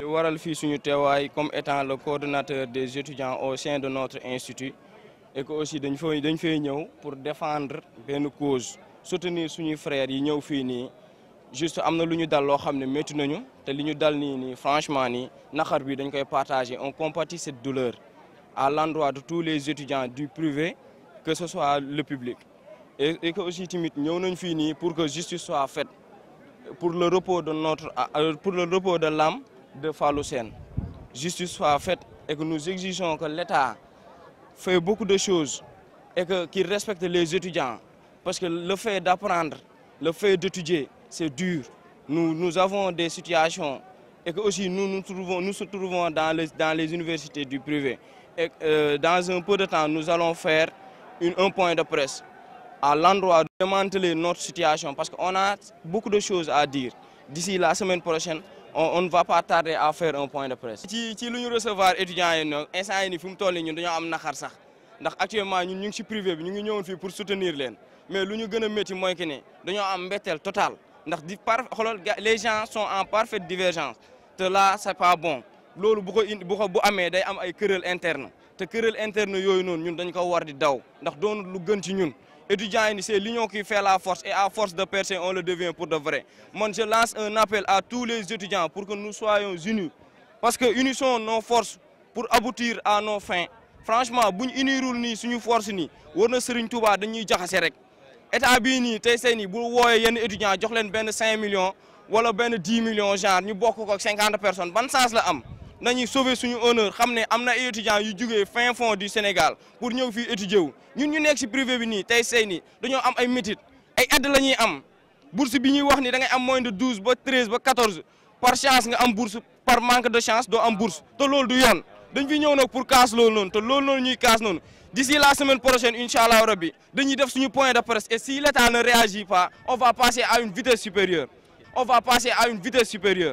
Je waral comme étant le coordonnateur des étudiants au sein de notre institut et que aussi nous sommes pour défendre nos cause soutenir nos frères et nos fii juste amener dal nañu te nos franchement nous naxar partager on compatit cette douleur à l'endroit de tous les étudiants du privé que ce soit le public et que aussi nous sommes pour que justice soit faite pour le repos de notre euh, euh, pour le repos de l'âme de Falocène. Justice soit faite et que nous exigeons que l'État fait beaucoup de choses et que qu'il respecte les étudiants parce que le fait d'apprendre, le fait d'étudier, c'est dur. Nous nous avons des situations et que aussi nous nous trouvons nous trouvons dans les dans les universités du privé euh, dans un peu de temps nous allons faire une, un point de presse à l'endroit de démanteler notre situation parce qu'on a beaucoup de choses à dire. D'ici la semaine prochaine, on ne va pas tarder à faire un point de presse. Si nous recevons des recevoir étudiants nous nag instant yi actuellement nous ñu privés, ci privé venus ñu ngi pour soutenir les. mais nous ñu gën a métti mooy que ne am total ndax les gens sont en parfaite divergence te là c'est pas bon Nous bu ko querelles bu Les querelles internes, day am ay querelle interne nous querelle interne yooyu noonu ñun dañ ko war di daw ndax étudiants, c'est l'union qui fait la force et à force de percer, on le devient pour de vrai. Moi, je lance un appel à tous les étudiants pour que nous soyons unis. Parce que unissons nos forces pour aboutir à nos fins. Franchement, si nous sommes nos forces, nous ne faire Touba dañuy jaxassé rek. État bi ni tay séni bu woyé yenn étudiants jox ont 5 millions ou 10 millions genre ñu beaucoup, 50 personnes sens la nous sauver suñu honneur sommes en étudiants fin fond du Sénégal pour nous. étudier Nous, nous ñu privé la bourse moins de 12, 13, 14 par chance par manque de chance nous bourse Nous pour casser loolu d'ici la semaine prochaine Inch'Allah, nous rabbi faire def point de presse et si l'État ne réagit pas on va passer à une vitesse supérieure on va passer à une vitesse supérieure